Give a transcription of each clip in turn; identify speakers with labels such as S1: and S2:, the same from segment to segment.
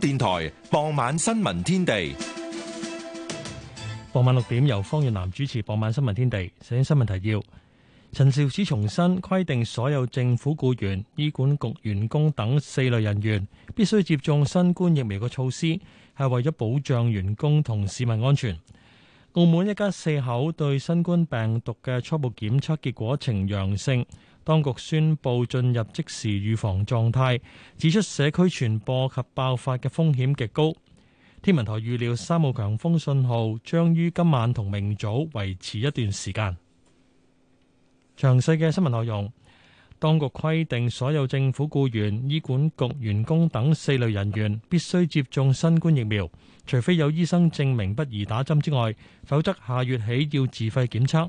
S1: 電台傍晚新聞天地，傍晚六點由方遠南主持。傍晚新聞天地，首先新聞提要：陳肇始重申規定，所有政府僱員、醫管局員工等四類人員必須接種新冠疫苗嘅措施，係為咗保障員工同市民安全。澳門一家四口對新冠病毒嘅初步檢測結果呈陽性。當局宣布進入即時預防狀態，指出社區傳播及爆發嘅風險極高。天文台預料三號強風信號將於今晚同明早維持一段時間。詳細嘅新聞內容，當局規定所有政府僱員、醫管局員工等四類人員必須接種新冠疫苗，除非有醫生證明不宜打針之外，否則下月起要自費檢測。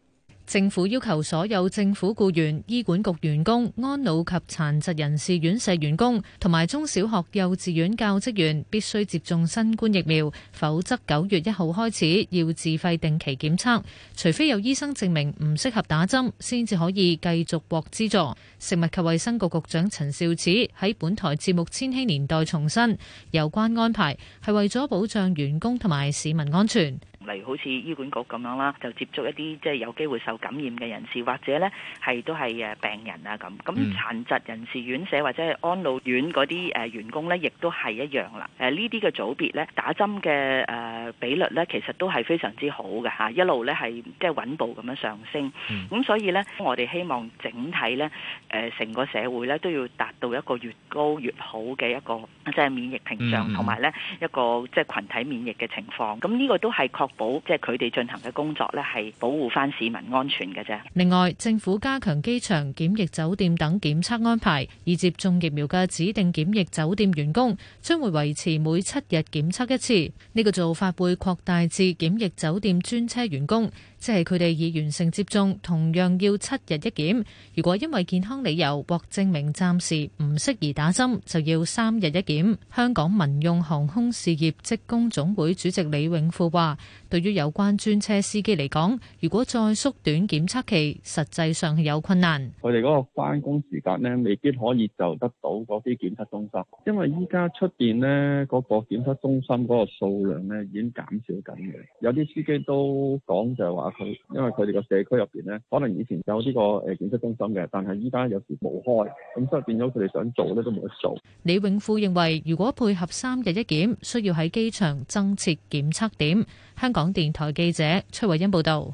S2: 政府要求所有政府僱員、醫管局員工、安老及殘疾人士院舍員工同埋中小學、幼稚園教職員必須接種新冠疫苗，否則九月一號開始要自費定期檢測，除非有醫生證明唔適合打針，先至可以繼續獲資助。食物及衛生局局長陳肇始喺本台節目《千禧年代》重申，有關安排係為咗保障員工同埋市民安全。
S3: 例如好似醫管局咁樣啦，就接觸一啲即係有機會受感染嘅人士，或者呢係都係誒病人啊咁。咁殘、嗯、疾人士院舍或者係安老院嗰啲誒員工呢，亦都係一樣啦。誒呢啲嘅組別呢，打針嘅誒比率呢，其實都係非常之好嘅吓，一路呢係即係穩步咁樣上升。咁、嗯、所以呢，我哋希望整體呢，誒成個社會呢，都要達到一個越高越好嘅一個即係、就是、免疫屏障，同埋呢一個即係、就是、群體免疫嘅情況。咁呢個都係確。保即係佢哋進行嘅工作咧，係保護翻市民安全嘅啫。
S2: 另外，政府加強機場檢疫酒店等檢測安排，已接種疫苗嘅指定檢疫酒店員工將會維持每七日檢測一次。呢個做法會擴大至檢疫酒店專車員工。即係佢哋已完成接種，同樣要七日一檢。如果因為健康理由或證明暫時唔適宜打針，就要三日一檢。香港民用航空事業職工總會主席李永富話：對於有關專車司機嚟講，如果再縮短檢測期，實際上係有困難。
S4: 我哋嗰個返工時間咧，未必可以就得到嗰啲檢測中心，
S5: 因為依家出邊咧嗰個檢測中心嗰個數量咧已經減少緊嘅。有啲司機都講就係話。因為佢哋個社區入邊呢，可能以前有呢個誒檢測中心嘅，但係依家有時冇開，咁所以變咗佢哋想做呢都冇得做。
S2: 李永富認為，如果配合三日一檢，需要喺機場增設檢測點。香港電台記者崔慧欣報道，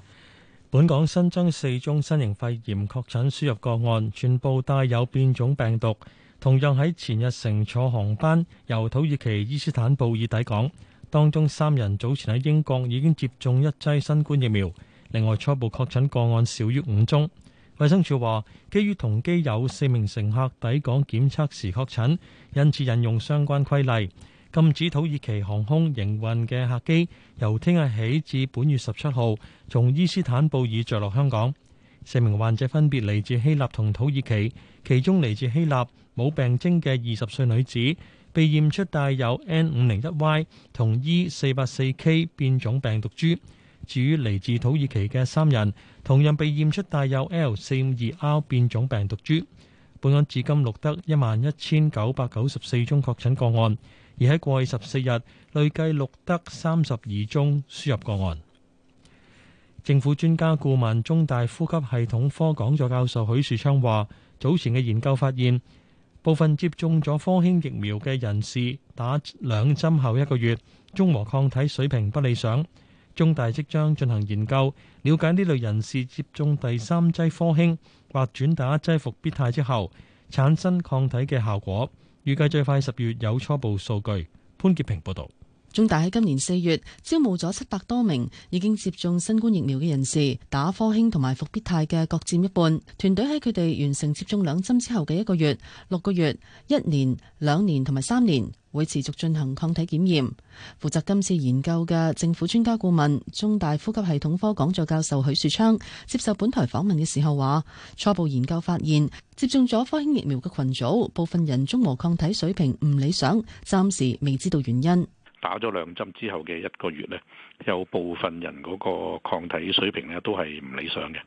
S1: 本港新增四宗新型肺炎確診輸入個案，全部帶有變種病毒，同樣喺前日乘坐航班由土耳其伊斯坦布爾抵港，當中三人早前喺英國已經接種一劑新冠疫苗。另外，初步確診個案少於五宗。衛生署話，基於同機有四名乘客抵港檢測時確診，因此引用相關規例，禁止土耳其航空營運嘅客機由聽日起至本月十七號從伊斯坦布爾著落香港。四名患者分別嚟自希臘同土耳其，其中嚟自希臘冇病徵嘅二十歲女子，被驗出帶有 N 五零一 Y 同 E 四八四 K 變種病毒株。至於嚟自土耳其嘅三人，同樣被驗出帶有 L 四五二 R 變種病毒株。本港至今錄得一萬一千九百九十四宗確診個案，而喺過去十四日累計錄得三十二宗輸入個案。政府專家顧問、中大呼吸系統科講座教授許樹昌話，早前嘅研究發現，部分接種咗科興疫苗嘅人士打兩針後一個月，中和抗體水平不理想。中大即將進行研究，了解呢類人士接種第三劑科興或轉打劑復必泰之後產生抗體嘅效果，預計最快十月有初步數據，潘潔平報道。
S3: 中大喺今年四月招募咗七百多名已經接種新冠疫苗嘅人士，打科興同埋復必泰嘅各占一半。團隊喺佢哋完成接種兩針之後嘅一個月、六個月、一年、兩年同埋三年會持續進行抗體檢驗。負責今次研究嘅政府專家顧問中大呼吸系統科講座教授許樹昌接受本台訪問嘅時候話：初步研究發現接種咗科興疫苗嘅群組部分人中和抗體水平唔理想，暫時未知道原因。
S5: 打咗兩針之後嘅一個月咧，有部分人嗰個抗體水平咧都係唔理想嘅。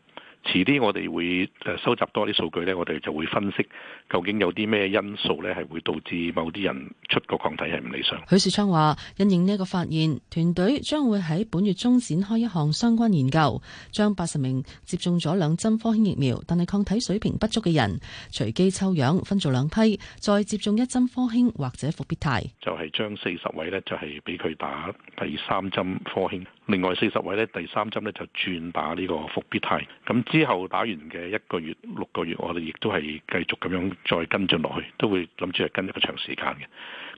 S5: 遲啲我哋會誒收集多啲數據，呢我哋就會分析究竟有啲咩因素呢係會導致某啲人出個抗體係唔理想。許
S3: 樹昌話：因應呢一個發現，團隊將會喺本月中展開一項相關研究，將八十名接種咗兩針科興疫苗但係抗體水平不足嘅人隨機抽樣分做兩批，再接種一針科興或者復必泰。
S5: 就係將四十位呢，就係俾佢打第三針科興。另外四十位咧，第三針咧就轉打呢個復必泰。咁之後打完嘅一個月、六個月，我哋亦都係繼續咁樣再跟進落去，都會諗住係跟一個長時間嘅。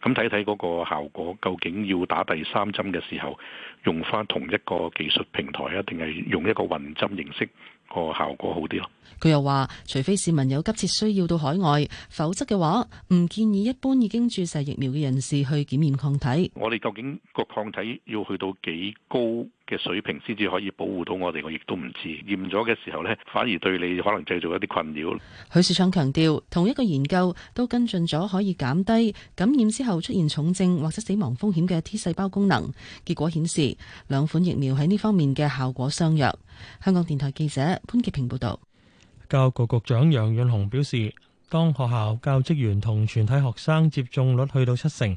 S5: 咁睇睇嗰個效果，究竟要打第三針嘅時候，用返同一個技術平台啊，定係用一個混針形式？個效果好啲咯。
S3: 佢又話：除非市民有急切需要到海外，否則嘅話，唔建議一般已經注射疫苗嘅人士去檢驗抗體。
S5: 我哋究竟個抗體要去到幾高嘅水平先至可以保護到我哋，我亦都唔知驗咗嘅時候呢，反而對你可能製造一啲困擾。
S3: 許樹昌強調，同一個研究都跟進咗可以減低感染之後出現重症或者死亡風險嘅 T 細胞功能，結果顯示兩款疫苗喺呢方面嘅效果相若。香港電台記者潘潔平報道。
S1: 教育局局長楊潤雄表示，當學校教職員同全體學生接種率去到七成，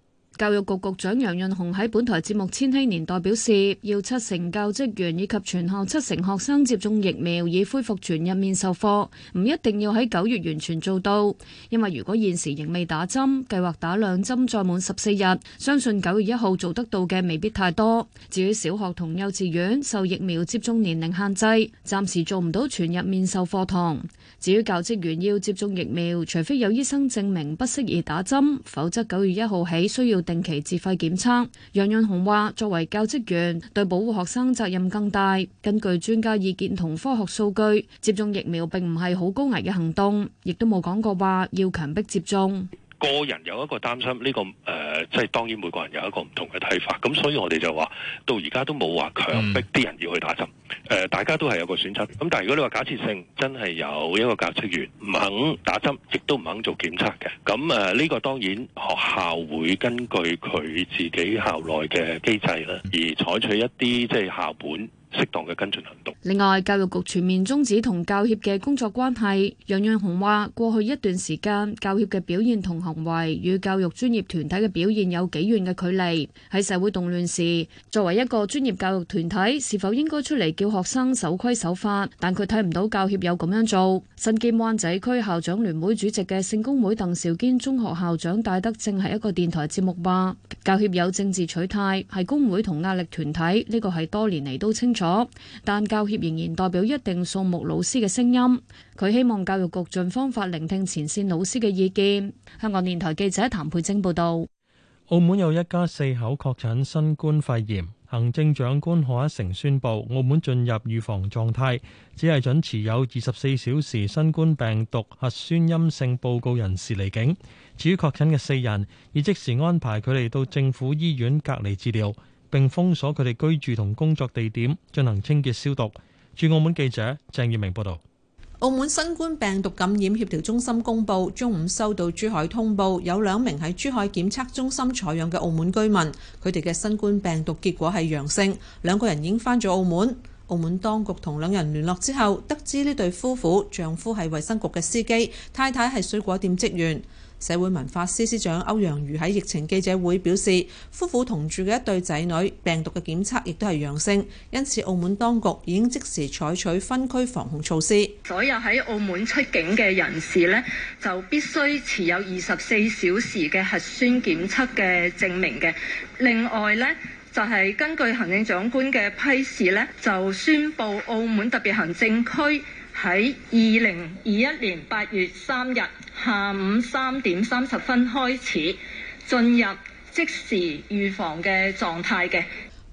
S6: 教育局局長楊潤雄喺本台節目《千禧年代》表示，要七成教職員以及全校七成學生接種疫苗，以恢復全日面授課，唔一定要喺九月完全做到，因為如果現時仍未打針，計劃打兩針再滿十四日，相信九月一號做得到嘅未必太多。至於小學同幼稚園，受疫苗接種年齡限制，暫時做唔到全日面授課堂。至於教職員要接種疫苗，除非有醫生證明不適宜打針，否則九月一號起需要。定期自費檢測。楊潤雄話，作為教職員，對保護學生責任更大。根據專家意見同科學數據，接種疫苗並唔係好高危嘅行動，亦都冇講過話要強迫接種。
S5: 個人有一個擔心，呢個誒，即係當然每個人有一個唔同嘅睇法。咁所以我哋就話，到而家都冇話強迫啲人要去打針。誒，大家都係有個選擇。咁但係如果你話假設性真係有一個教職員唔肯打針，亦都唔肯做檢測嘅，咁誒呢個當然學校會根據佢自己校內嘅機制啦，而採取一啲即係校本適當嘅跟進
S6: 行動。另外，教育局全面終止同教協嘅工作關係。楊潤雄話：過去一段時間，教協嘅表現同行為與教育專業團體嘅表現有幾遠嘅距離。喺社會動亂時，作為一個專業教育團體，是否應該出嚟叫學生守規守法？但佢睇唔到教協有咁樣做。身兼灣仔區校長聯會主席嘅聖公會鄧兆堅中學校長戴德正喺一個電台節目話：教協有政治取態，係工會同壓力團體，呢個係多年嚟都清楚。咗，但教協仍然代表一定數目老師嘅聲音。佢希望教育局盡方法聆聽前線老師嘅意見。香港電台記者譚佩晶報道。
S1: 澳門有一家四口確診新冠肺炎，行政長官賀一誠宣布，澳門進入預防狀態，只係準持有二十四小時新冠病毒核酸陰性報告人士離境。至於確診嘅四人，已即時安排佢哋到政府醫院隔離治療。並封鎖佢哋居住同工作地點，進行清潔消毒。駐澳門記者鄭月明報道。
S7: 澳門新冠病毒感染協調中心公布，中午收到珠海通報，有兩名喺珠海檢測中心採樣嘅澳門居民，佢哋嘅新冠病毒結果係陽性，兩個人已經翻咗澳門。澳門當局同兩人聯絡之後，得知呢對夫婦丈夫係衛生局嘅司機，太太係水果店職員。社會文化司司長歐陽瑜喺疫情記者會表示，夫婦同住嘅一對仔女病毒嘅檢測亦都係陽性，因此澳門當局已經即時採取分區防控措施。所有喺澳門出境嘅人士呢，就必須持有二十四小時嘅核酸檢測嘅證明嘅。另外呢，就係根據行政長官嘅批示呢，就宣布澳門特別行政區。喺二零二一年八月三日下午三點三十分開始，進入即時預防嘅狀態嘅。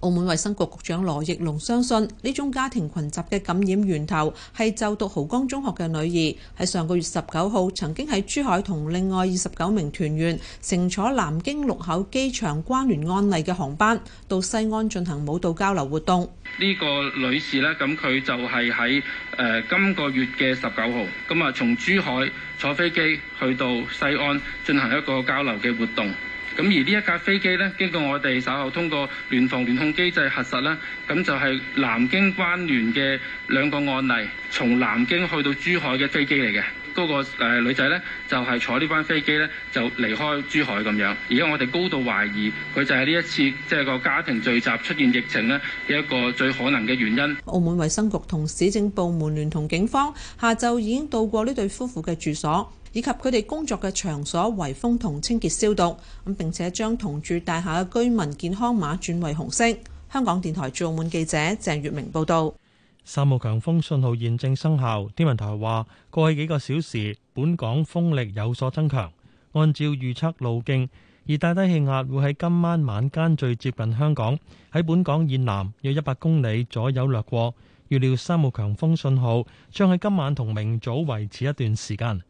S7: 澳門衛生局局長羅奕龍相信，呢種家庭群集嘅感染源頭係就讀濠江中學嘅女兒，喺上個月十九號曾經喺珠海同另外二十九名團員乘坐南京祿口機場關聯案例嘅航班到西安進行舞蹈交流活動。
S4: 呢個女士呢，咁佢就係喺誒今個月嘅十九號，咁啊從珠海坐飛機去到西安進行一個交流嘅活動。咁而呢一架飛機咧，經過我哋稍後通過聯防聯控機制核實啦，咁就係南京關聯嘅兩個案例，從南京去到珠海嘅飛機嚟嘅。嗰個女仔呢就係坐呢班飛機呢就離開珠海咁樣。而家我哋高度懷疑佢就係呢一次即係個家庭聚集出現疫情呢嘅一個最可能嘅原因。澳
S7: 門衛生局同市政部門聯同警方，下晝已經到過呢對夫婦嘅住所。以及佢哋工作嘅場所，圍封同清潔消毒咁，並且將同住大廈嘅居民健康碼轉為紅色。香港電台駐澳門記者鄭月明報道。
S1: 三號強風信號現正生效，天文台話過去幾個小時，本港風力有所增強。按照預測路徑，熱帶低氣壓會喺今晚晚間最接近香港，喺本港以南約一百公里左右掠過。預料三號強風信號將喺今晚同明早維持一段時間。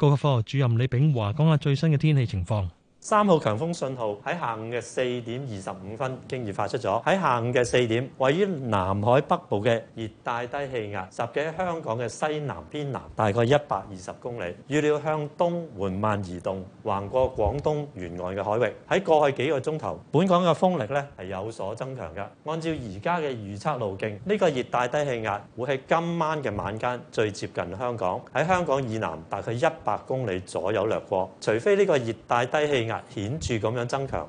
S1: 高級科學主任李炳華講下最新嘅天氣情況。
S8: 三號強風信號喺下午嘅四點二十五分經已發出咗。喺下午嘅四點，位於南海北部嘅熱帶低氣壓，襲擊香港嘅西南偏南，大概一百二十公里，預料向東緩慢移動，橫過廣東沿岸嘅海域。喺過去幾個鐘頭，本港嘅風力咧係有所增強嘅。按照而家嘅預測路徑，呢個熱帶低氣壓會喺今晚嘅晚間最接近香港，喺香港以南大概一百公里左右掠過。除非呢個熱帶低氣壓顯著咁樣增強。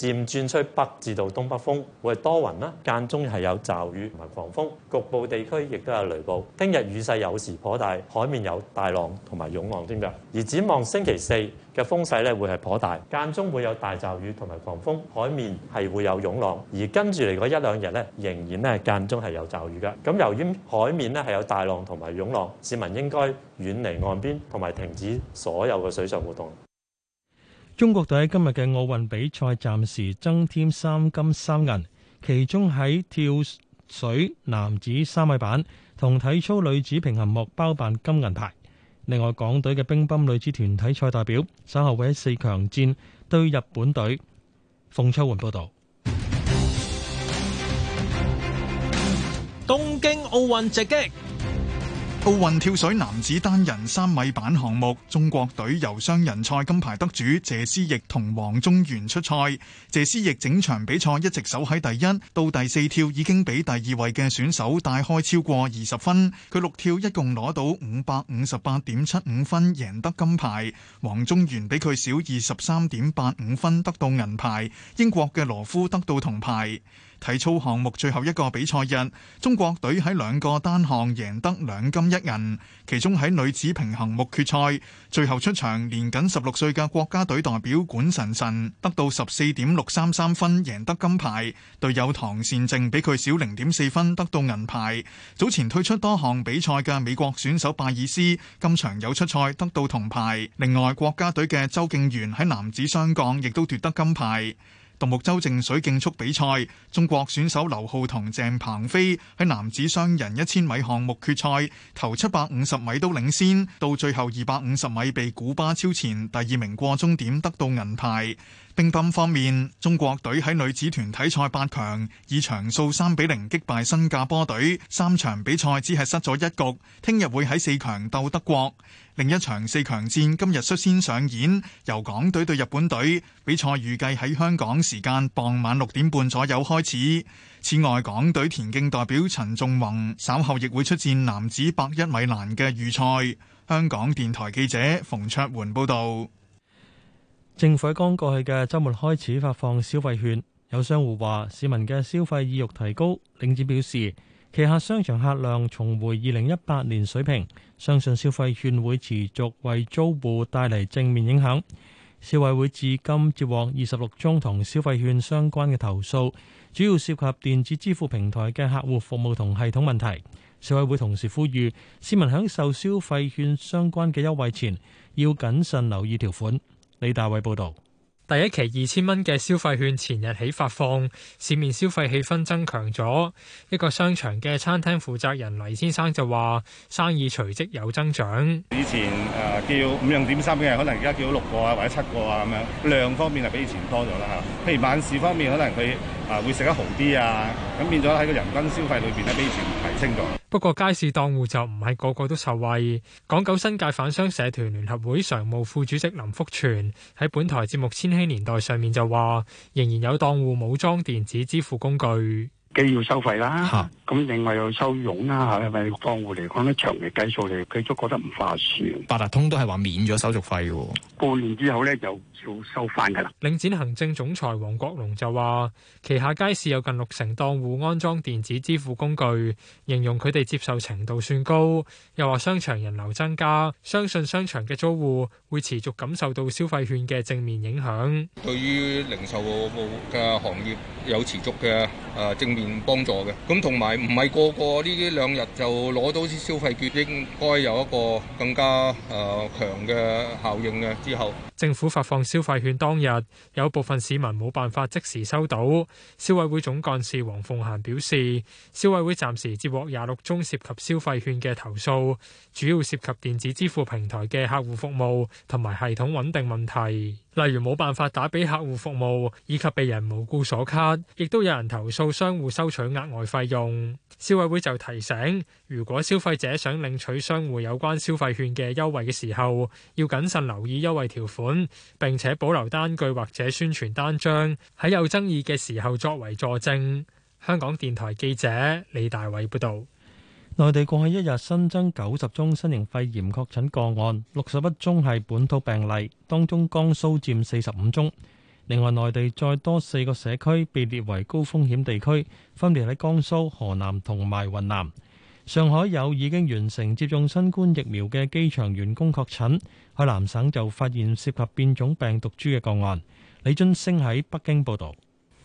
S8: 漸轉吹北至到東北風，會係多雲啦，間中係有驟雨同埋狂風，局部地區亦都有雷暴。聽日雨勢有時頗大，海面有大浪同埋湧浪添㗎。而展望星期四嘅風勢咧，會係頗大，間中會有大驟雨同埋狂風，海面係會有湧浪。而跟住嚟嗰一兩日咧，仍然咧係間中係有驟雨㗎。咁由於海面咧係有大浪同埋湧浪，市民應該遠離岸邊同埋停止所有嘅水上活動。
S1: 中國隊喺今日嘅奧運比賽暫時增添三金三銀，其中喺跳水男子三米板同體操女子平衡木包辦金銀牌。另外，港隊嘅乒乓女子團體賽代表稍後會喺四強戰對日本隊。馮秋煥報道。
S9: 東京奧運直擊。奧運跳水男子單人三米板項目，中國隊由雙人賽金牌得主謝思翼同王宗源出賽。謝思翼整場比賽一直守喺第一，到第四跳已經比第二位嘅選手帶開超過二十分。佢六跳一共攞到五百五十八點七五分，贏得金牌。王宗源比佢少二十三點八五分，得到銀牌。英國嘅羅夫得到銅牌。體操項目最後一個比賽日，中國隊喺兩個單項贏得兩金一銀，其中喺女子平衡木決賽，最後出場年僅十六歲嘅國家隊代表管晨辰得到十四點六三三分，贏得金牌。隊友唐善靜比佢少零點四分，得到銀牌。早前退出多項比賽嘅美國選手拜爾斯今場有出賽，得到銅牌。另外，國家隊嘅周敬源喺男子雙槓亦都奪得金牌。獨木舟靜水競速比賽，中國選手劉浩同鄭鵬飛喺男子雙人一千米項目決賽，頭七百五十米都領先，到最後二百五十米被古巴超前，第二名過終點得到銀牌。乒乓方面，中國隊喺女子團體賽八強，以場數三比零擊敗新加坡隊，三場比賽只係失咗一局，聽日會喺四強鬥德國。另一場四強戰今日率先上演，由港隊對日本隊，比賽預計喺香港時間傍晚六點半左右開始。此外，港隊田徑代表陳仲宏稍後亦會出戰男子百一米欄嘅預賽。香港電台記者馮卓桓報導。政府喺剛過去嘅周末開始發放消費券，有
S1: 商戶話市民嘅消費意欲提高。領展表示旗下商場客量重回二零一八年水平。相信消費券會持續為租戶帶嚟正面影響。消委會至今接獲二十六宗同消費券相關嘅投訴，主要涉及電子支付平台嘅客戶服務同系統問題。消委會同時呼籲市民享受消費券相關嘅優惠前，要謹慎留意條款。李大偉報道。
S4: 第一期二千蚊嘅消費券前日起發放，市面消費氣氛增強咗。一個商場嘅餐廳負責人黎先生就話生意隨即有增長，
S5: 以前誒，叫五樣點心嘅，可能而家叫六個啊或者七個啊咁樣，量方面係比以前多咗啦。吓，譬如晚市方面，可能佢啊會食得好啲啊，咁變咗喺個人均消費裏邊咧比以前提升咗。
S4: 不過街市檔戶就唔係個個都受惠。港九新界販商社團聯合會常務副主席林福全喺本台節目千年代上面就話，仍然有當戶冇裝電子支付工具。
S5: 佢要收費啦，咁哈另外又收佣啦，吓係咪檔戶嚟講咧，長期計數嚟，佢都覺得唔劃算。八達通都係話免咗手續費嘅，半年之後呢，就要收翻噶啦。
S4: 領展行政總裁黃國龍就話，旗下街市有近六成檔戶安裝電子支付工具，形容佢哋接受程度算高，又話商場人流增加，相信商場嘅租戶會持續感受到消費券嘅正面影響。
S5: 對於零售嘅行業有持續嘅誒正幫助嘅，咁同埋唔係個個呢兩日就攞到消費券，應該有一個更加誒強嘅效應嘅。之後，
S4: 政府發放消費券當日，有部分市民冇辦法即時收到。消委會總幹事黃鳳嫻表示，消委會暫時接獲廿六宗涉及消費券嘅投訴，主要涉及電子支付平台嘅客戶服務同埋系統穩定問題。例如冇辦法打俾客戶服務，以及被人無故鎖卡，亦都有人投訴商戶收取額外費用。消委會就提醒，如果消費者想領取商戶有關消費券嘅優惠嘅時候，要謹慎留意優惠條款，並且保留單據或者宣傳單張，喺有爭議嘅時候作為佐證。香港電台記者李大偉報導。
S1: 內地過去一日新增九十宗新型肺炎確診個案，六十一宗係本土病例，當中江蘇占四十五宗。另外，內地再多四個社區被列為高風險地區，分別喺江蘇、河南同埋雲南。上海有已經完成接種新冠疫苗嘅機場員工確診，海南省就發現涉及變種病毒株嘅個案。李津升喺北京報道。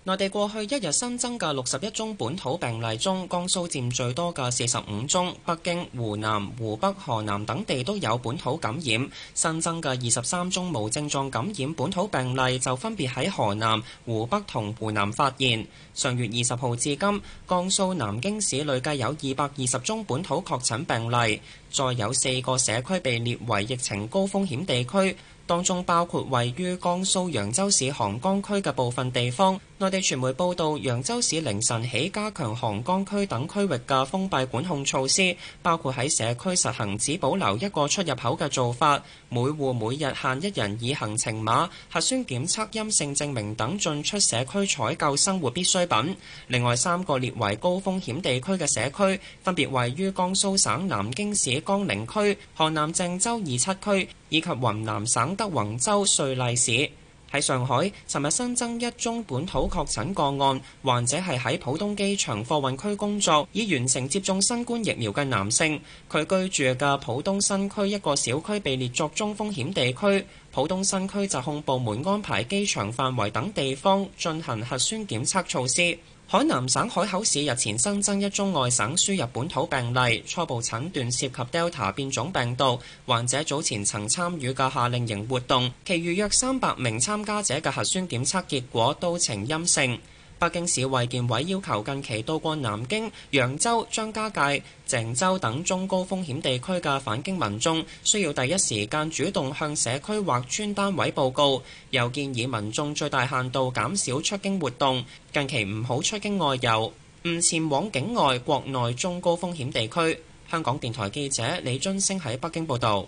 S10: 內地過去一日新增嘅六十一宗本土病例中，江蘇佔最多嘅四十五宗，北京、湖南、湖北、河南等地都有本土感染。新增嘅二十三宗無症狀感染本土病例就分別喺河南、湖北同湖南發現。上月二十號至今，江蘇南京市累計有二百二十宗本土確診病例，再有四個社區被列為疫情高風險地區。當中包括位於江蘇揚州市邗江區嘅部分地方。內地傳媒報道，揚州市凌晨起加強邗江區等區域嘅封閉管控措施，包括喺社區實行只保留一個出入口嘅做法。每戶每日限一人以行程碼、核酸檢測陰性證明等進出社區採購生活必需品。另外三個列為高風險地區嘅社區，分別位於江蘇省南京市江寧區、河南鄭州二七區以及雲南省德宏州瑞麗市。喺上海，尋日新增一宗本土確診個案，患者係喺浦東機場貨運區工作，已完成接種新冠疫苗嘅男性。佢居住嘅浦東新區一個小區被列作中風險地區，浦東新區疾控部門安排機場範圍等地方進行核酸檢測措施。海南省海口市日前新增一宗外省輸入本土病例，初步診斷涉及 Delta 變種病毒。患者早前曾參與嘅夏令營活動，其餘約三百名參加者嘅核酸檢測結果都呈陰性。北京市衛健委要求近期到過南京、揚州、張家界、鄭州等中高風險地區嘅返京民眾，需要第一時間主動向社區或村單位報告。又建議民眾最大限度減少出京活動，近期唔好出京外遊，唔前往境外、國內中高風險地區。香港電台記者李津升喺北京報道。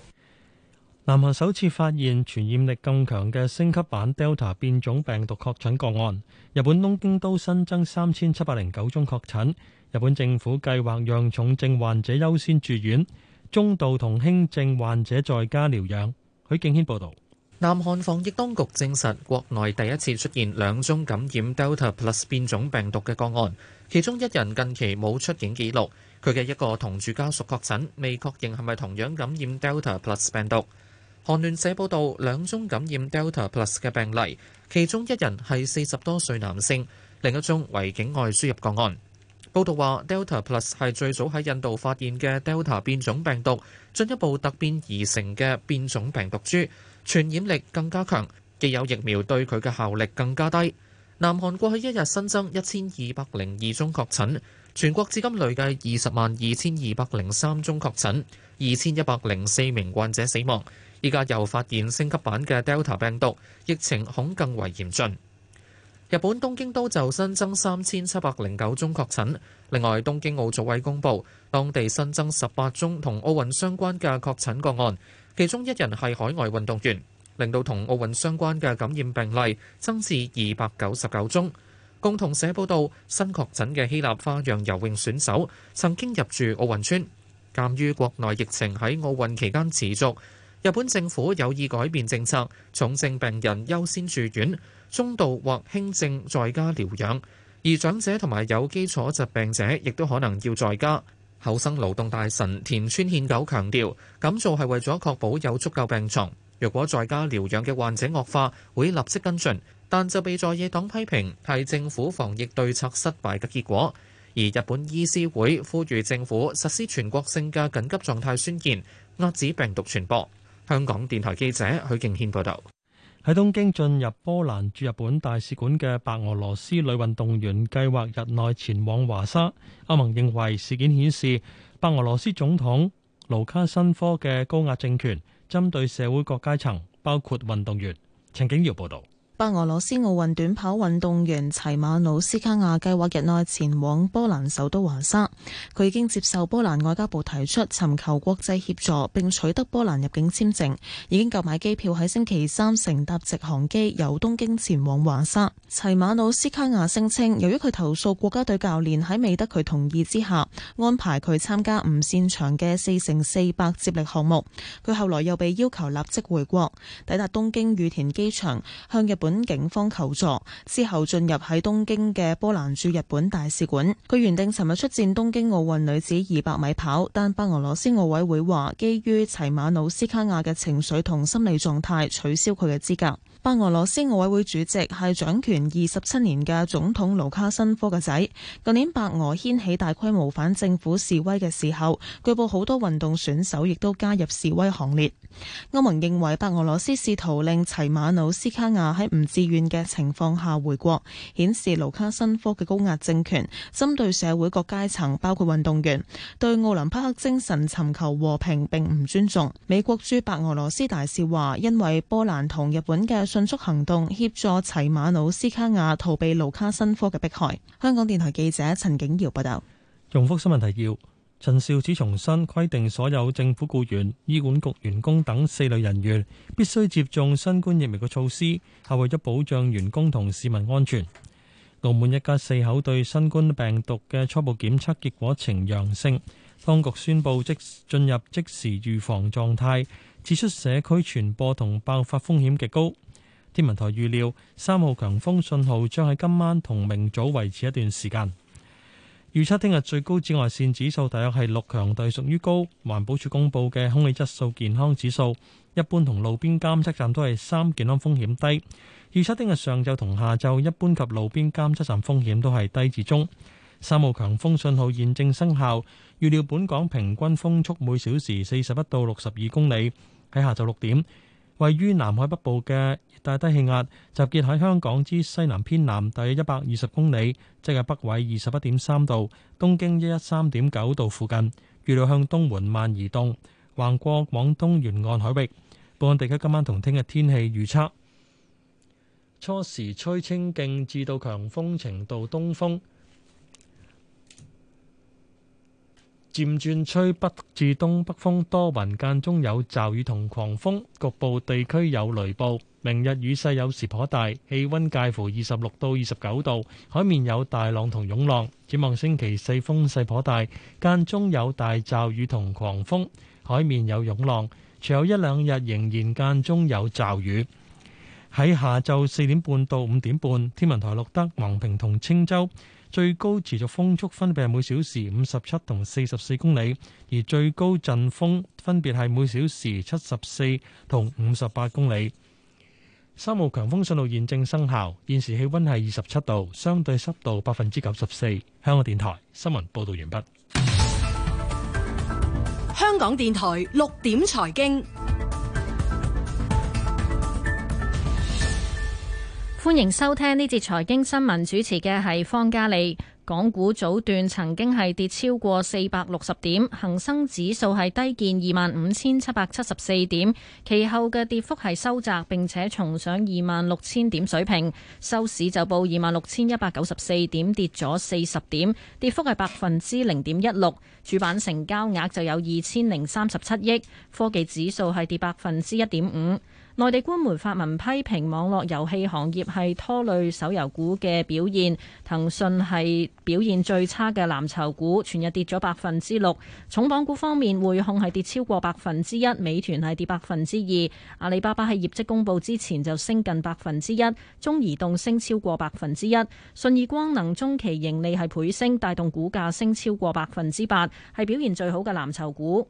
S1: 南韓首次發現傳染力更強嘅升級版 Delta 變種病毒確診個案。日本東京都新增三千七百零九宗確診。日本政府計劃讓重症患者優先住院，中度同輕症患者在家療養。許敬軒報道。
S11: 南韓防疫當局證實，國內第一次出現兩宗感染 Delta Plus 變種病毒嘅個案，其中一人近期冇出境記錄，佢嘅一個同住家屬確診，未確認係咪同樣感染 Delta Plus 病毒。韓聯社報導，兩宗感染 Delta Plus 嘅病例，其中一人係四十多歲男性，另一宗為境外輸入個案。報導話，Delta Plus 係最早喺印度發現嘅 Delta 變種病毒，進一步突變而成嘅變種病毒株，傳染力更加強，既有疫苗對佢嘅效力更加低。南韓過去一日新增一千二百零二宗確診，全國至今累計二十萬二千二百零三宗確診，二千一百零四名患者死亡。依家又發現升級版嘅 Delta 病毒，疫情恐更為嚴峻。日本東京都就新增三千七百零九宗確診，另外東京奧組委公布當地新增十八宗同奧運相關嘅確診個案，其中一人係海外運動員，令到同奧運相關嘅感染病例增至二百九十九宗。共同社報道，新確診嘅希臘花樣游泳選手曾經入住奧運村，鑑於國內疫情喺奧運期間持續。日本政府有意改變政策，重症病人優先住院，中度或輕症在家療養，而長者同埋有基礎疾病者亦都可能要在家。厚生勞動大臣田村憲久強調，咁做係為咗確保有足夠病床。若果在家療養嘅患者惡化，會立即跟進，但就被在野黨批評係政府防疫對策失敗嘅結果。而日本醫師會呼籲政府實施全國性嘅緊急狀態宣言，遏止病毒傳播。香港電台記者許敬軒報道：喺東京進入波蘭駐日本大使館嘅白俄羅斯女運
S1: 動員，計劃日內前往華沙。歐盟認為事件顯示白俄羅斯總統盧卡申科嘅高壓政權針對社會各階層，包括運動員。陳景堯報道。
S12: 白俄羅斯奧運短跑運動員齊馬努斯卡亞計劃日內前往波蘭首都華沙。佢已經接受波蘭外交部提出尋求國際協助並取得波蘭入境簽證，已經購買機票喺星期三乘搭直航機由東京前往華沙。齊馬努斯卡亞聲稱，由於佢投訴國家隊教練喺未得佢同意之下安排佢參加唔擅長嘅四乘四百接力項目，佢後來又被要求立即回國，抵達東京羽田機場向日本本警方求助之後，進入喺東京嘅波蘭駐日本大使館。佢原定尋日出戰東京奧運女子二百米跑，但白俄羅斯奧委會話，基於齊馬努斯卡亞嘅情緒同心理狀態，取消佢嘅資格。白俄羅斯奧委會主席係掌權二十七年嘅總統盧卡申科嘅仔。舊年白俄掀起大規模反政府示威嘅時候，據報好多運動選手亦都加入示威行列。歐盟認為白俄羅斯試圖令齊馬努斯卡亞喺唔自願嘅情況下回國，顯示盧卡申科嘅高壓政權針對社會各階層，包括運動員，對奧林匹克精神尋求和平並唔尊重。美國駐白俄羅斯大使話：因為波蘭同日本嘅迅速行動，協助齊馬努斯卡亞逃避盧卡申科嘅迫害。香港電台記者陳景瑤報道。
S1: 用福新聞提要：陳肇始重申，規定所有政府僱員、醫管局員工等四類人員必須接種新冠疫苗嘅措施係為咗保障員工同市民安全。澳門一家四口對新冠病毒嘅初步檢測結果呈陽性，當局宣布即進入即時預防狀態，指出社區傳播同爆發風險極高。天文台預料三號強風信號將喺今晚同明早維持一段時間。預測聽日最高紫外線指數大約係六強，對屬於高。環保署公布嘅空氣質素健康指數，一般同路邊監測站都係三，健康風險低。預測聽日上晝同下晝一般及路邊監測站風險都係低至中。三號強風信號現正生效，預料本港平均風速每小時四十一到六十二公里，喺下晝六點。位於南海北部嘅熱帶低氣壓集結喺香港之西南偏南大約一百二十公里，即係北緯二十一點三度，東經一一三點九度附近，預料向東緩慢移動，橫過廣東沿岸海域。本港地區今晚同聽日天氣預測：初時吹清勁至到強風程度東風。漸轉吹北至東北風，多雲，多雲間中有驟雨同狂風，局部地區有雷暴。明日雨勢有時頗大，氣温介乎二十六到二十九度，海面有大浪同湧浪。展望星期四風勢頗大，間中有大驟雨同狂風，海面有湧浪。除有一兩日仍然間中有驟雨。喺下晝四點半到五點半，天文台錄得橫平同青洲，最高持續風速分別係每小時五十七同四十四公里，而最高陣風分別係每小時七十四同五十八公里。三號強風信號現正生效，現時氣温係二十七度，相對濕度百分之九十四。香港電台新聞報導完畢。
S13: 香港電台六點財經。歡迎收聽呢節財經新聞，主持嘅係方嘉利。港股早段曾經係跌超過四百六十點，恒生指數係低見二萬五千七百七十四點，其後嘅跌幅係收窄，並且重上二萬六千點水平。收市就報二萬六千一百九十四點，跌咗四十點，跌幅係百分之零點一六。主板成交額就有二千零三十七億，科技指數係跌百分之一點五。內地官媒發文批評網絡遊戲行業係拖累手遊股嘅表現，騰訊係表現最差嘅藍籌股，全日跌咗百分之六。重磅股方面，匯控係跌超過百分之一，美團係跌百分之二，阿里巴巴喺業績公布之前就升近百分之一，中移動升超過百分之一，信義光能中期盈利係倍升，帶動股價升超過百分之八，係表現最好嘅藍籌股。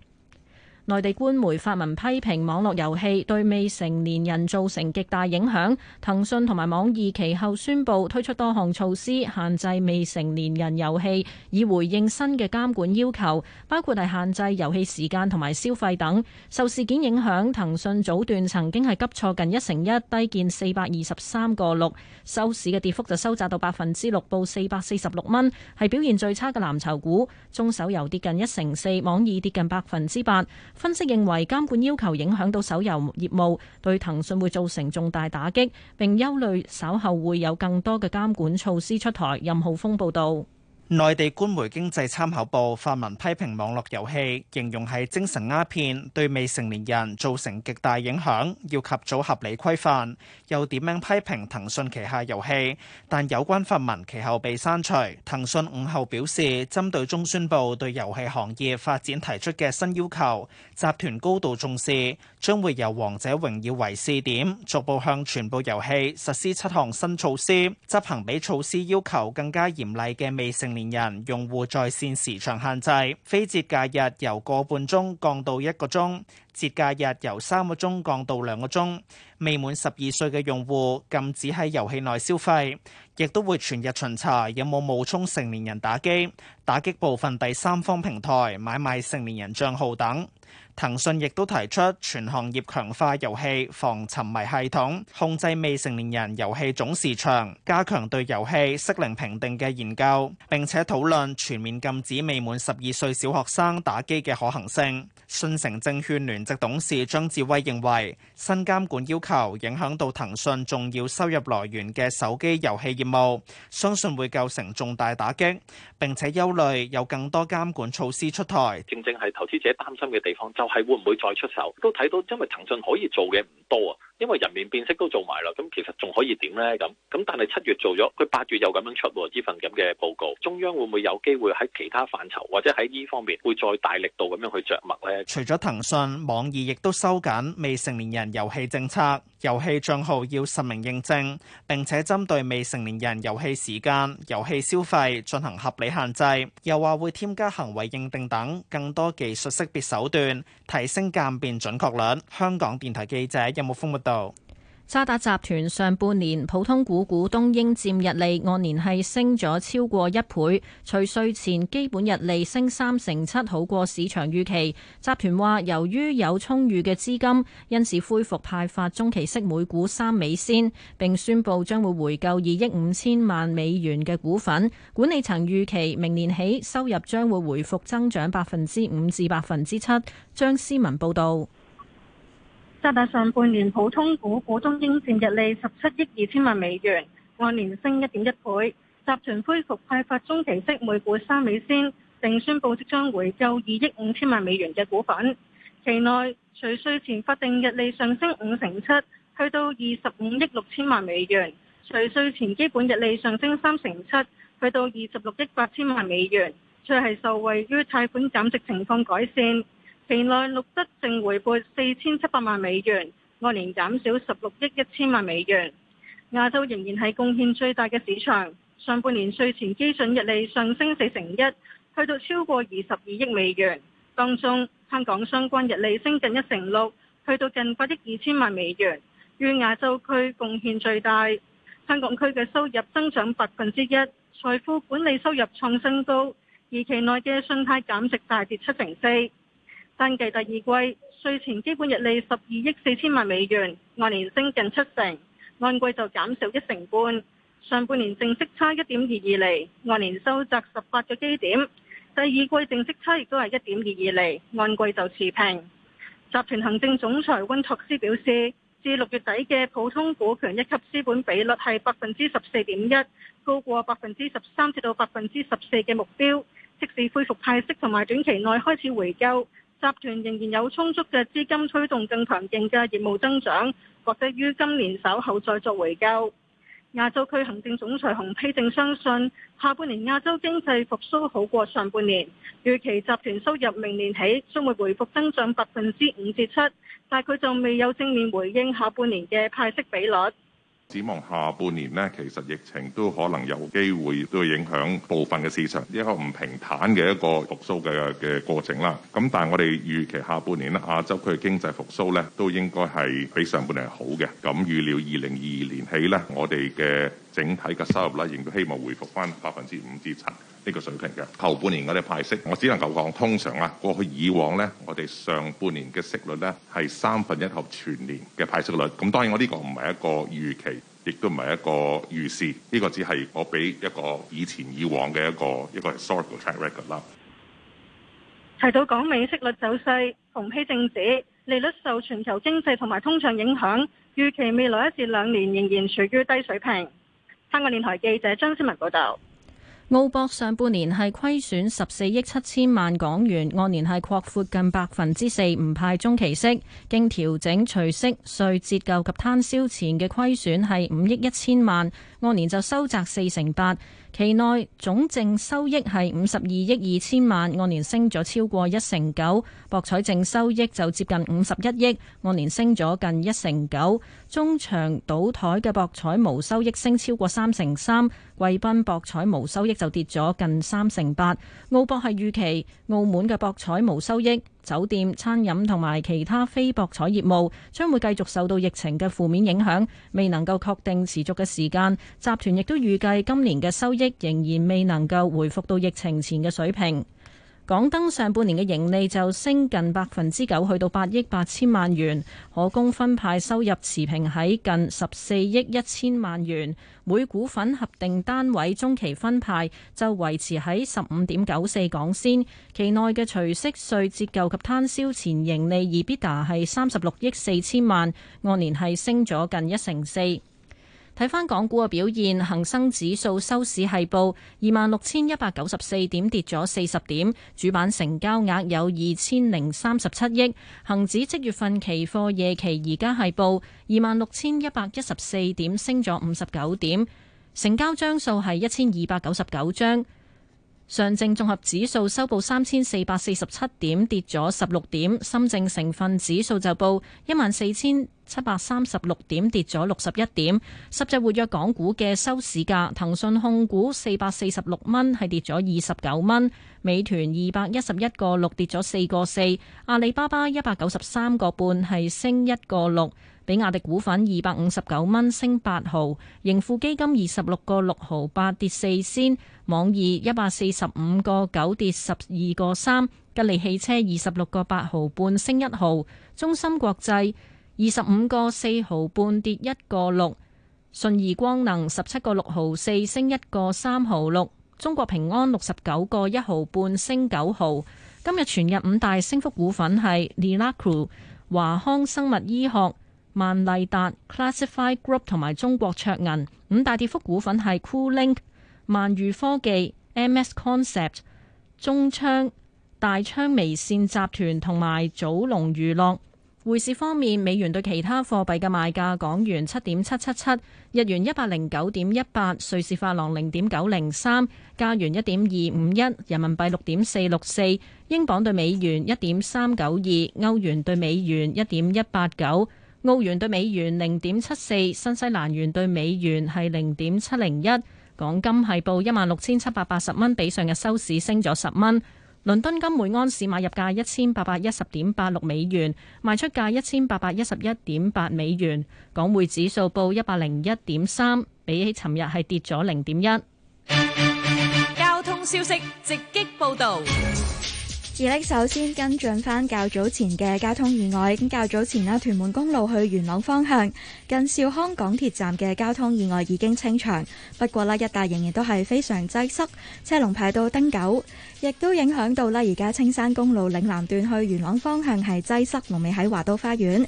S13: 內地官媒發文批評網絡遊戲對未成年人造成極大影響，騰訊同埋網易其後宣布推出多項措施限制未成年人遊戲，以回應新嘅監管要求，包括係限制遊戲時間同埋消費等。受事件影響，騰訊早段曾經係急挫近一成一，低見四百二十三個六，收市嘅跌幅就收窄到百分之六，報四百四十六蚊，係表現最差嘅藍籌股。中手遊跌近一成四，網易跌近百分之八。分析認為監管要求影響到手遊業務，對騰訊會造成重大打擊，並憂慮稍後會有更多嘅監管措施出台。任
S14: 浩峰報導。內地官媒《經濟參考報》發文批評網絡遊戲，形容係精神鴉片，對未成年人造成極大影響，要及早合理規範。又點名批評騰訊旗下遊戲，但有關發文其後被刪除。騰訊午後表示，針對中宣部對遊戲行業發展提出嘅新要求，集團高度重視，將會由《王者榮耀》為試點，逐步向全部遊戲實施七項新措施，執行比措施要求更加嚴厲嘅未成年。年人用戶在綫時長限制，非節假日由個半鐘降到一個鐘，節假日由三個鐘降到兩個鐘。未滿十二歲嘅用戶禁止喺遊戲內消費，亦都會全日巡查有冇冒充成年人打機，打擊部分第三方平台買賣成年人賬號等。騰訊亦都提出全行業強化遊戲防沉迷系統，控制未成年人遊戲總時長，加強對遊戲適齡評定嘅研究，並且討論全面禁止未滿十二歲小學生打機嘅可行性。信誠證券聯席董事張志威認為，新監管要求影響到騰訊重要收入來源嘅手機遊戲業務，相信會構成重大打擊，並且憂慮有更多監管措施出台，
S1: 正正係投資者擔心嘅地方。係會唔會再出手？都睇到，因為騰訊可以做嘅唔多啊。因為人面辨識都做埋啦，咁其實仲可以點呢？咁咁，但係七月做咗，佢八月又咁樣出呢份咁嘅報告。中央會唔會有機會喺其他範疇或者喺呢方面會再大力度咁樣去
S14: 着墨呢？除咗騰訊，網易亦都收緊未成年人遊戲政策，遊戲賬號要實名認證，並且針對未成年人遊戲時間、遊戲消費進行合理限制，又話會添加行為認定等更多技術識別手段，提升鑑別準確率。香港電台記者任木豐報道。
S13: 渣打集團上半年普通股股東應佔日利按年係升咗超過一倍，除稅前基本日利升三成七，好過市場預期。集團話由於有充裕嘅資金，因此恢復派發中期息每股三美仙，並宣布將會回購二億五千萬美元嘅股份。管理層預期明年起收入將會回復增長百分之五至百分
S15: 之七。張思文報導。集團上半年普通股股東應佔溢利十七億二千萬美元，按年升一點一倍。集團恢復派發中期息每股三美仙，並宣布即將回購二億五千萬美元嘅股份。期內除稅前法定溢利上升五成七，去到二十五億六千萬美元；除稅前基本溢利上升三成七，去到二十六億八千萬美元，主要係受惠於貸款減值情況改善。期內錄得淨回撥四千七百萬美元，按年減少十六億一千萬美元。亞洲仍然係貢獻最大嘅市場。上半年稅前基準日利上升四成一，去到超過二十二億美元。當中香港相關日利升近一成六，去到近八億二千萬美元，與亞洲區貢獻最大。香港區嘅收入增長百分之一，財富管理收入創新高，而期內嘅信貸減值大跌七成四。單計第二季稅前基本溢利，十二億四千萬美元，按年升近七成，按季就減少一成半。上半年淨息差一點二二厘，按年收窄十八個基點。第二季淨息差亦都係一點二二厘，按季就持平。集團行政總裁溫拓思表示，至六月底嘅普通股權一級資本比率係百分之十四點一，高過百分之十三至到百分之十四嘅目標。即使恢復派息同埋短期內開始回購。集團仍然有充足嘅資金推動更強勁嘅業務增長，或者於今年稍後再作回購。亞洲區行政總裁洪丕正相信下半年亞洲經濟復蘇好過上半年，預期集團收入明年起將會回復增長百分之五至七，但佢仲未有正面回應下半年嘅派息比率。
S8: 指望下半年呢，其實疫情都可能有機會都會影響部分嘅市場，一個唔平坦嘅一個復甦嘅嘅過程啦。咁但係我哋預期下半年呢亞洲區經濟復甦呢，都應該係比上半年好嘅。咁預料二零二二年起呢，我哋嘅整體嘅收入率，仍都希望回復翻百分之五至七呢個水平。嘅後半年我哋派息，我只能夠講通常啊。過去以往咧，我哋上半年嘅息率咧係三分一合全年嘅派息率。咁當然我呢個唔係一個預期，亦都唔係一個預示，呢、這個只係我俾一個以前以往嘅一個一個 historical trend 啦。
S15: 提到港美息率走勢，馮希正指利率受全球經濟同埋通脹影響，預期未來一至兩年仍然處於低水平。香港電台記者張思文報道，
S13: 澳博上半年係虧損十四億七千萬港元，按年係擴闊近百分之四，唔派中期息，經調整除息稅折舊及攤銷前嘅虧損係五億一千萬，按年就收窄四成八。期內總淨收益係五十二億二千萬，按年升咗超過一成九；博彩淨收益就接近五十一億，按年升咗近一成九。中場賭枱嘅博彩毛收益升超過三成三，貴賓博彩毛收益就跌咗近三成八。澳博係預期澳門嘅博彩毛收益，酒店、餐飲同埋其他非博彩業務將會繼續受到疫情嘅負面影響，未能夠確定持續嘅時間，集團亦都預計今年嘅收益仍然未能夠回復到疫情前嘅水平。港燈上半年嘅盈利就升近百分之九，去到八億八千萬元，可供分派收入持平喺近十四億一千萬元，每股份核定單位中期分派就維持喺十五點九四港仙。期內嘅除息稅折舊及攤銷前盈利 EBITDA 係三十六億四千萬，按年係升咗近一成四。睇翻港股嘅表現，恒生指數收市係報二萬六千一百九十四點，跌咗四十點。主板成交額有二千零三十七億。恒指即月份期貨夜期而家係報二萬六千一百一十四點，升咗五十九點。成交張數係一千二百九十九張。上證綜合指數收報三千四百四十七點，跌咗十六點。深證成分指數就報一萬四千七百三十六點，跌咗六十一點。十隻活躍港股嘅收市價，騰訊控股四百四十六蚊，係跌咗二十九蚊，美團二百一十一個六，跌咗四個四，阿里巴巴一百九十三個半，係升一個六。比亞迪股份二百五十九蚊升八毫，盈富基金二十六個六毫八跌四仙，網易一百四十五個九跌十二個三，吉利汽車二十六個八毫半升一毫，中芯國際二十五個四毫半跌一個六，順義光能十七個六毫四升一個三毫六，中國平安六十九個一毫半升九毫。今日全日五大升幅股份係 Lilacru 華康生物醫學。萬麗達、Classify Group 同埋中國卓銀。五大跌幅股份係 Coolink、萬裕科技、M.S. Concept、中昌、大昌微線集團同埋祖龍娛樂。匯市方面，美元對其他貨幣嘅賣價：港元七點七七七，日元一百零九點一八，瑞士法郎零點九零三，加元一點二五一，人民幣六點四六四，英鎊對美元一點三九二，歐元對美元一點一八九。澳元對美元零點七四，新西蘭元對美元係零點七零一，港金係報一萬六千七百八十蚊，比上日收市升咗十蚊。倫敦金每安士買入價一千八百一十點八六美元，賣出價一千八百一十一點八美元。港匯指數報一百零一點三，比起尋日係跌咗零點一。
S6: 交通消息直擊報道。
S16: 而咧，首先跟進返較早前嘅交通意外，咁較早前啦，屯門公路去元朗方向近兆康港鐵站嘅交通意外已經清場，不過呢一帶仍然都係非常擠塞，車龍排到汀九，亦都影響到呢而家青山公路嶺南段去元朗方向係擠塞，龍尾喺華都花園。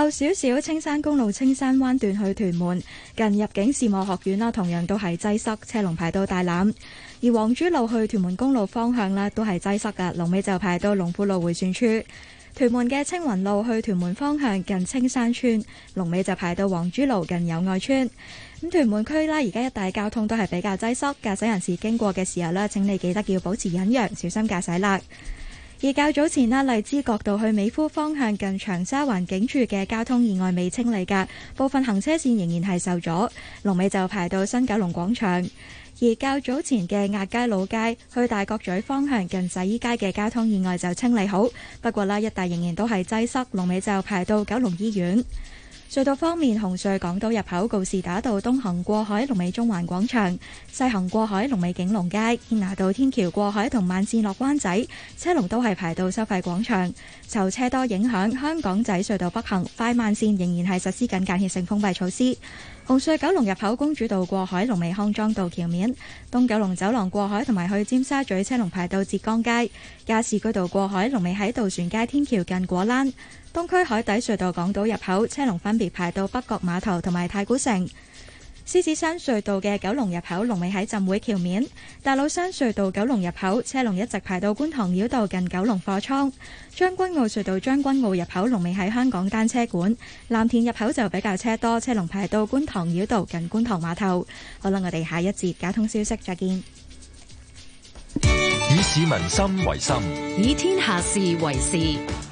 S16: 後少少青山公路青山灣段去屯門近入境事務學院啦，同樣都係擠塞，車龍排到大欖。而黃珠路去屯門公路方向啦，都係擠塞噶，龍尾就排到龍富路迴旋處。屯門嘅青雲路去屯門方向近青山村，龍尾就排到黃珠路近友愛村。咁屯門區啦，而家一帶交通都係比較擠塞，駕駛人士經過嘅時候咧，請你記得要保持忍讓，小心駕駛啦。而較早前啦，荔枝角道去美孚方向近長沙灣警署嘅交通意外未清理嘅部分行車線仍然係受阻，龍尾就排到新九龍廣場。而較早前嘅亞皆老街去大角咀方向近洗衣街嘅交通意外就清理好，不過啦，一帶仍然都係擠塞，龍尾就排到九龍醫院。隧道方面，紅隧港島入口告士打道東行過海龍尾中環廣場，西行過海龍尾景隆街，堅拿道天橋過海同慢線落灣仔，車龍都係排到收費廣場。受車多影響，香港仔隧道北行快慢線仍然係實施緊間歇性封閉措施。紅隧九龍入口公主道過海龍尾康莊道橋面，東九龍走廊過海同埋去尖沙咀車龍排到浙江街，加士居道過海龍尾喺渡船街天橋近果欄。東區海底隧道港島入口車龍分別排到北角碼頭同埋太古城，獅子山隧道嘅九龍入口龍尾喺浸會橋面，大老山隧道九龍入口車龍一直排到觀塘繞道近九龍貨倉，將軍澳隧道將軍澳入口龍尾喺香港單車館，藍田入口就比較車多，車龍排到觀塘繞道近觀塘碼頭。好啦，我哋下一節交通消息再見。
S5: 以市民心為心，
S16: 以天下事為事。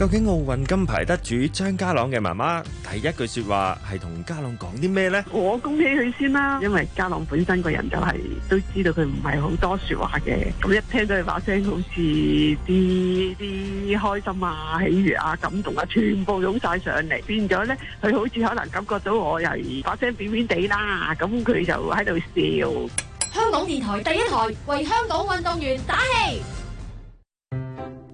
S1: 究竟奧運金牌得主張家朗嘅媽媽第一句說話係同家
S11: 朗講
S14: 啲咩呢？我
S11: 恭喜佢先啦，因為家朗本身個人就係都知道佢唔係好多說話嘅，咁一聽到佢把聲好似啲啲開心啊、喜悅啊、感動啊，全部湧晒上嚟，變咗呢，佢好似可能感覺到我又係把聲扁扁地啦，咁佢就喺度笑。
S2: 香港電台第一台為香港運動員打氣。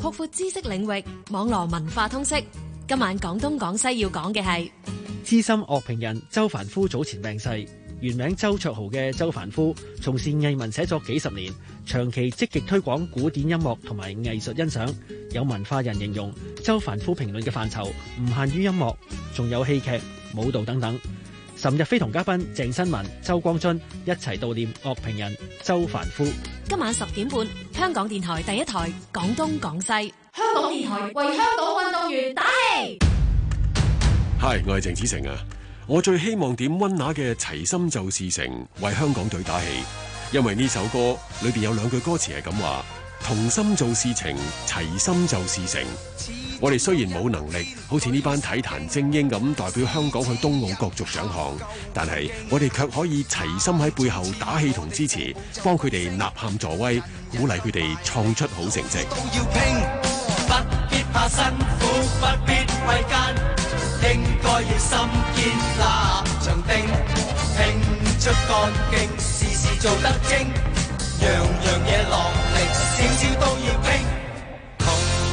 S2: 擴闊知識領域，網絡文化通識。今晚廣東廣西要講嘅係
S14: 資深樂評人周凡夫早前病逝，原名周卓豪嘅周凡夫，從事藝文寫作幾十年，長期積極推廣古典音樂同埋藝術欣賞。有文化人形容周凡夫評論嘅範疇唔限於音樂，仲有戲劇、舞蹈等等。岑日飛同嘉賓鄭新文、周光津一齊悼念樂評人
S9: 周凡夫。
S2: 今晚十點半，香港電台第一台，廣東廣西。
S6: 香港電台為香港運動員打氣。
S9: 嗨，我係鄭子成鄭子誠啊。我最希望點溫拿嘅《齊心就事成》為香港隊打氣，因為呢首歌裏邊有兩句歌詞係咁話。同心做事情，齊心就事成。我哋雖然冇能力，好似呢班體壇精英咁代表香港去東奧角逐獎項，但係我哋卻可以齊心喺背後打氣同支持，幫佢哋吶喊助威，鼓勵佢哋創出好成績。
S14: 樣樣嘢落力，少少都要拼。